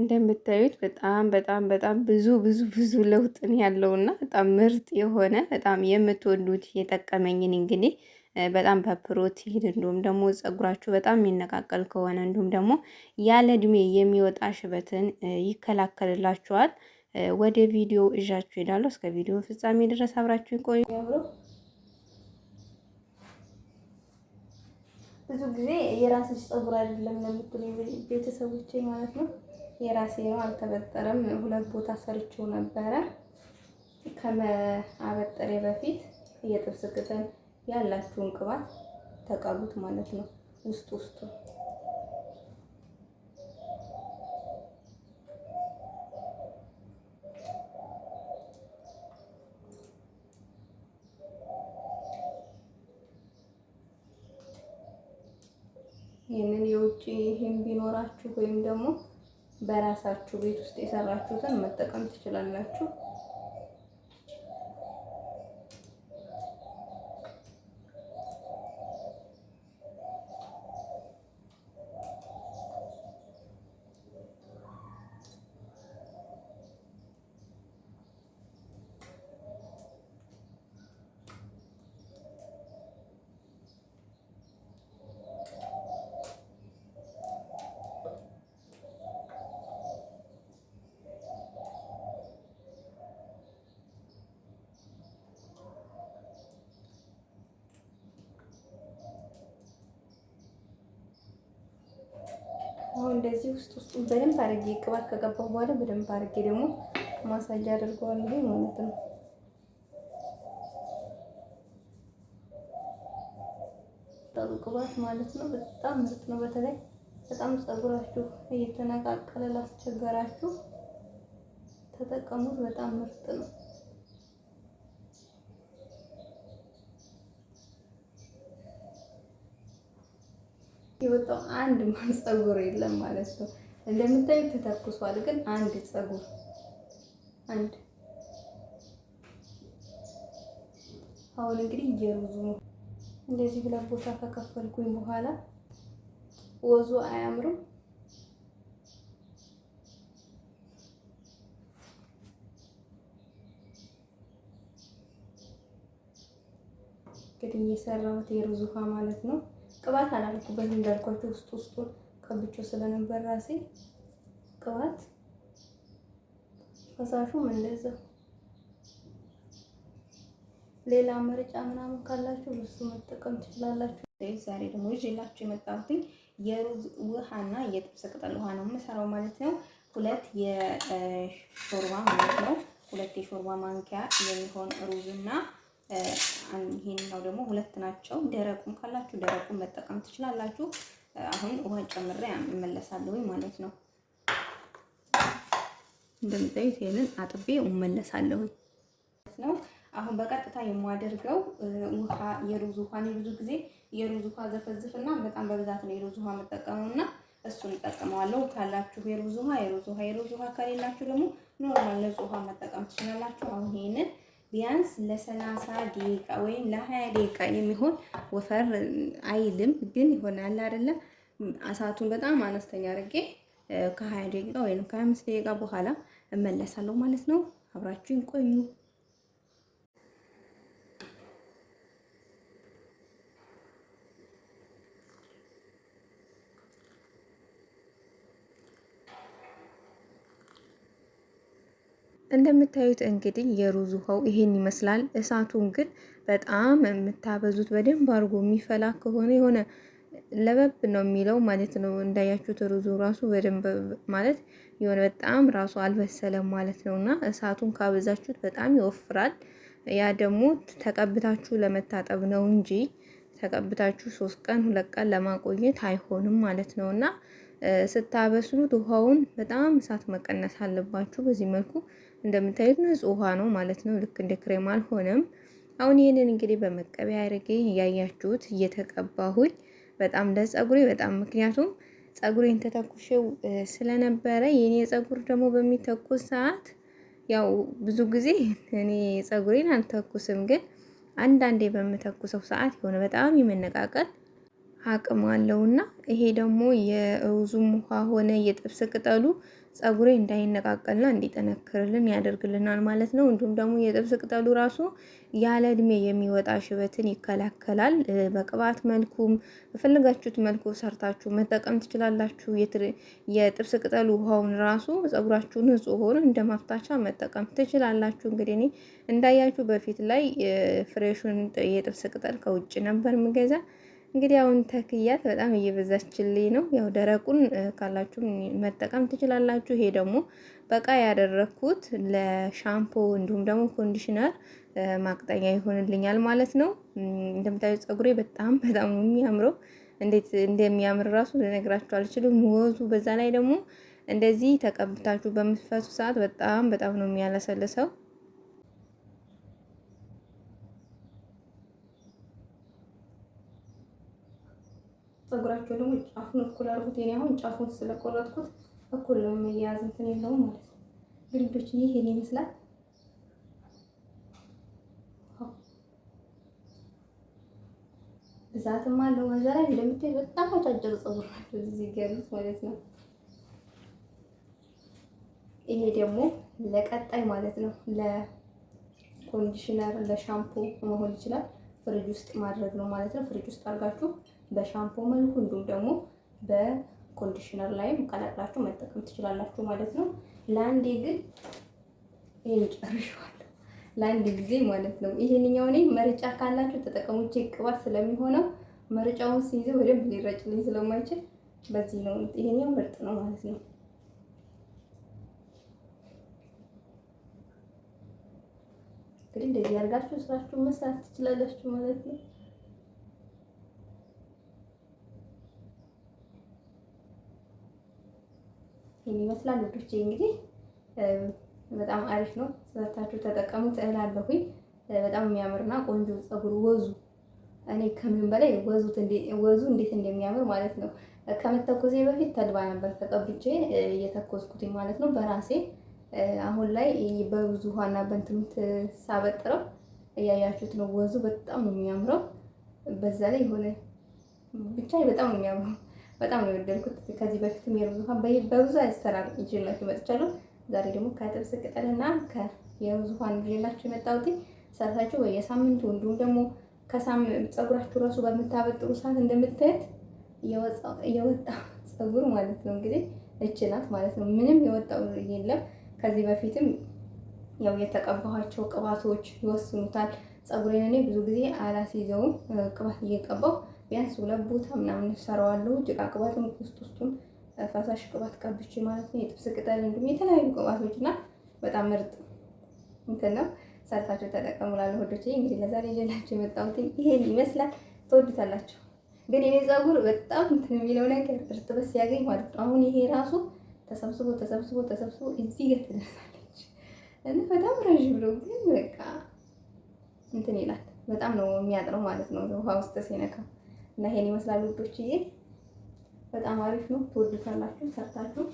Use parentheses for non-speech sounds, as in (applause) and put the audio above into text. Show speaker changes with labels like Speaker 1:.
Speaker 1: እንደምታዩት በጣም በጣም በጣም ብዙ ብዙ ብዙ ለውጥን ያለውና በጣም ምርጥ የሆነ በጣም የምትወዱት የጠቀመኝን እንግዲህ በጣም በፕሮቲን እንዲሁም ደግሞ ጸጉራችሁ በጣም የሚነቃቀል ከሆነ እንዲሁም ደግሞ ያለ እድሜ የሚወጣ ሽበትን ይከላከልላችኋል። ወደ ቪዲዮ እዣችሁ ሄዳለሁ። እስከ ቪዲዮ ፍጻሜ ድረስ አብራችሁ ይቆዩ።
Speaker 2: ብዙ ጊዜ የራስሽ ጸጉር አይደለም ለምትሉ ቤተሰቦቼ ማለት ነው
Speaker 1: የራሴ ነው አልተበጠረም። ሁለት ቦታ ሰርቼው ነበረ። ከመአበጠሬ በፊት የጥብስ ግጥም ያላችሁን ቅባት ተቀቡት ማለት ነው። ውስጥ ውስጡ ይህንን የውጭ ይህም ቢኖራችሁ ወይም ደግሞ በራሳችሁ ቤት ውስጥ የሰራችሁትን መጠቀም ትችላላችሁ። አሁን እንደዚህ ውስጥ ውስጡን በደንብ አድርጌ ቅባት ከቀባሁ በኋላ በደንብ አድርጌ ደግሞ ማሳጅ አድርገዋለሁ ማለት ነው። ቅባት ማለት ነው። በጣም ምርጥ ነው። በተለይ በጣም ፀጉራችሁ እየተነቃቀለ ላስቸገራችሁ ተጠቀሙት። በጣም ምርጥ ነው። የወጣው አንድ ማን ፀጉር የለም ማለት ነው። እንደምታዩት ተተኩሷል፣ ግን አንድ ጸጉር አንድ። አሁን እንግዲህ እየሩዙ እንደዚህ ብላ ቦታ ከከፈልኩኝ በኋላ ወዙ አያምርም። እንግዲህ የሰራሁት የሩዝ ውሃ ማለት ነው። ቅባት አላልኩበት እንዳልኳቸው ውስጥ ውስጡን ቀብቼ ስለነበር ራሴ ቅባት ፈሳሹም እንደዛ ሌላ መርጫ ምናምን ካላችሁ እሱ መጠቀም ትችላላችሁ። ዛሬ ደግሞ ይዤላችሁ የመጣሁት የሩዝ ውሃና የጥብስ ቅጠል ውሃ ነው የምሰራው ማለት ነው። ሁለት የሾርባ ማለት ነው ሁለት የሾርባ ማንኪያ የሚሆን ሩዝና ይሄንኛው ደግሞ ሁለት ናቸው። ደረቁም ካላችሁ ደረቁም መጠቀም ትችላላችሁ። አሁን ውሃ ጨምሬ እመለሳለሁ ማለት ነው። እንደምታዩት ይሄንን አጥቤ እመለሳለሁ ነው። አሁን በቀጥታ የማደርገው ውሃ የሩዝ ውሃ ነው። ብዙ ጊዜ የሩዝ ውሃ ዘፈዝፍና በጣም በብዛት ነው የሩዝ ውሃ መጠቀመውና እሱን እጠቀመዋለሁ። ካላችሁ የሩዝ ውሃ የሩዝ ውሃ የሩዝ ውሃ ከሌላችሁ ደግሞ ኖርማል ንጹህ ውሃ መጠቀም ትችላላችሁ። አሁን ይሄንን ቢያንስ ለሰላሳ ደቂቃ ወይም ለሀያ ደቂቃ የሚሆን ወፈር አይልም፣ ግን ይሆናል አይደለ? እሳቱን በጣም አነስተኛ አድርጌ ከሀያ ደቂቃ ወይም ከሀያ አምስት ደቂቃ በኋላ እመለሳለሁ ማለት ነው። አብራችሁ ቆዩ። እንደምታዩት እንግዲህ የሩዝ ውሃው ይሄን ይመስላል። እሳቱን ግን በጣም የምታበዙት በደንብ አድርጎ የሚፈላ ከሆነ የሆነ ለበብ ነው የሚለው ማለት ነው። እንዳያችሁት ሩዙ ራሱ በደንብ ማለት የሆነ በጣም ራሱ አልበሰለም ማለት ነው። እና እሳቱን ካበዛችሁት በጣም ይወፍራል። ያ ደግሞ ተቀብታችሁ ለመታጠብ ነው እንጂ ተቀብታችሁ ሶስት ቀን ሁለት ቀን ለማቆየት አይሆንም ማለት ነው እና ስታበስሉት ውሃውን በጣም እሳት መቀነስ አለባችሁ። በዚህ መልኩ እንደምታዩት ንጹህ ውሃ ነው ማለት ነው። ልክ እንደ ክሬም አልሆነም። አሁን ይህንን እንግዲህ በመቀቢያ አድርጌ እያያችሁት እየተቀባሁኝ በጣም ለጸጉሬ በጣም ምክንያቱም ጸጉሬን ተተኩሼው ስለነበረ የኔ ጸጉር ደግሞ በሚተኩስ ሰዓት ያው ብዙ ጊዜ እኔ ጸጉሬን አልተኩስም፣ ግን አንዳንዴ በምተኩሰው ሰዓት የሆነ በጣም የመነቃቀል አቅም አለው ይሄ ደግሞ የሩዙም ውሃ ሆነ የጥብስ ቅጠሉ ጸጉሬ እንዳይነቃቀልና እንዲጠነክርልን ያደርግልናል ማለት ነው። እንዲሁም ደግሞ የጥብስ ቅጠሉ ራሱ ያለ እድሜ የሚወጣ ሽበትን ይከላከላል። በቅባት መልኩም በፈለጋችሁት መልኩ ሰርታችሁ መጠቀም ትችላላችሁ። የጥብስ ቅጠሉ ውሃውን ራሱ ጸጉራችሁ ንጹህ ሆኖ እንደ ማፍታቻ መጠቀም ትችላላችሁ። እንግዲህ እኔ እንዳያችሁ በፊት ላይ ፍሬሹን የጥብስ ቅጠል ከውጭ ነበር ምገዛ እንግዲህ አሁን ተክያት በጣም እየበዛችልኝ ነው። ያው ደረቁን ካላችሁ መጠቀም ትችላላችሁ። ይሄ ደግሞ በቃ ያደረግኩት ለሻምፖ እንዲሁም ደግሞ ኮንዲሽነር ማቅጠኛ ይሆንልኛል ማለት ነው። እንደምታዩት ፀጉሬ በጣም (laughs) በጣም የሚያምረው። እንዴት እንደሚያምር ራሱ ልነግራችሁ አልችልም። ወዙ በዛ ላይ ደግሞ እንደዚህ ተቀብታችሁ በምትፈሱ ሰዓት በጣም በጣም ነው የሚያለሰልሰው። ፀጉራቸው ደግሞ ጫፉን እኩል አድርጉት። እኔ አሁን ጫፉን ስለቆረጥኩት እኩል ነው የመያያዝ እንትን የለውም ማለት ነው። ግልዶች ይሄን ይመስላል። ብዛትም አለው በዛ ላይ እንደምታይ በጣም አጫጭር ፀጉር ናቸው እዚህ ገሉት ማለት ነው። ይሄ ደግሞ ለቀጣይ ማለት ነው ለኮንዲሽነር ለሻምፖ መሆን ይችላል። ፍሪጅ ውስጥ ማድረግ ነው ማለት ነው። ፍሪጅ ውስጥ አድርጋችሁ በሻምፖ መልኩ እንዲሁም ደግሞ በኮንዲሽነር ላይም ቀላቅላችሁ መጠቀም ትችላላችሁ ማለት ነው። ለአንዴ ግን ይህን ጨርሸዋለሁ። ለአንድ ጊዜ ማለት ነው። ይሄንኛው እኔ መርጫ ካላችሁ ተጠቀሙቼ ቅባት ስለሚሆነው መርጫውን ሲይዘው ወደም ሊረጭልኝ ስለማይችል በዚህ ነው። ይሄኛው ምርጥ ነው ማለት ነው። እንግዲህ እንደዚህ አድርጋችሁ ስራችሁ መስራት ትችላላችሁ ማለት ነው። ይህን ይመስላል እንግዲህ በጣም አሪፍ ነው፣ ሰርታችሁ ተጠቀሙት እላለሁኝ። በጣም የሚያምርና ቆንጆ ፀጉር ወዙ እኔ ከምን በላይ ወዙ እንዴት እንደሚያምር ማለት ነው። ከመተኮሴ በፊት ተልባ ነበር ተቀብቼ እየተኮስኩትኝ ማለት ነው በራሴ አሁን ላይ በብዙ ውሃና በንትኑት ሳበጥረው እያያችሁት ነው። ወዙ በጣም ነው የሚያምረው። በዛ ላይ የሆነ ብቻ በጣም ነው የሚያምረው። በጣም ነው የወደድኩት። ከዚህ በፊትም የሩዝ ውሃ በብዙ አይስተራር ይዤላችሁ መጥቻለሁ። ዛሬ ደግሞ ከጥብስ ቅጠልና የሩዝ ውሃ ይዤላችሁ የመጣሁት ሰርታችሁ በየሳምንቱ እንዲሁም ደግሞ ከሳምንት ፀጉራችሁ ራሱ በምታበጥሩ ሰዓት እንደምታየት የወጣ (laughs) ፀጉር ማለት ነው እንግዲህ እች ናት ማለት ነው። ምንም የወጣው የለም። ከዚህ በፊትም ያው የተቀባኋቸው ቅባቶች ይወስኑታል። ፀጉሬን እኔ ብዙ ጊዜ አላስይዘውም ቅባት እየቀባው ቢያንስ ሁለት ቦታ ምናምን ሰራዋለሁ። ጭቃ ቅባትም ውስጥ ውስጡን ፈሳሽ ቅባት ቀብቼ ማለት ነው። የጥብስ ቅጠል እንዲሁም የተለያዩ ቅባቶች እና በጣም ምርጥ እንትን ነው። ሰርታችሁ ተጠቀሙላለሁ። ወዶቼ እንግዲህ ለዛሬ ይዤላችሁ የመጣሁት ይሄን ይመስላል። ትወዱታላችሁ። ግን የኔ ፀጉር በጣም እንትን የሚለው ነገር እርጥበት ሲያገኝ ማለት ነው። አሁን ይሄ ራሱ ተሰብስቦ ተሰብስቦ ተሰብስቦ እዚህ ጋር ትደርሳለች እና በጣም ረዥም ነው። ግን በቃ እንትን ይላል። በጣም ነው የሚያጥረው ማለት ነው ውሃ ውስጥ ሲነካ እና ይሄን ይመስላል ውዶችዬ። በጣም አሪፍ ነው። ትወዱታላችሁ ሰርታችሁ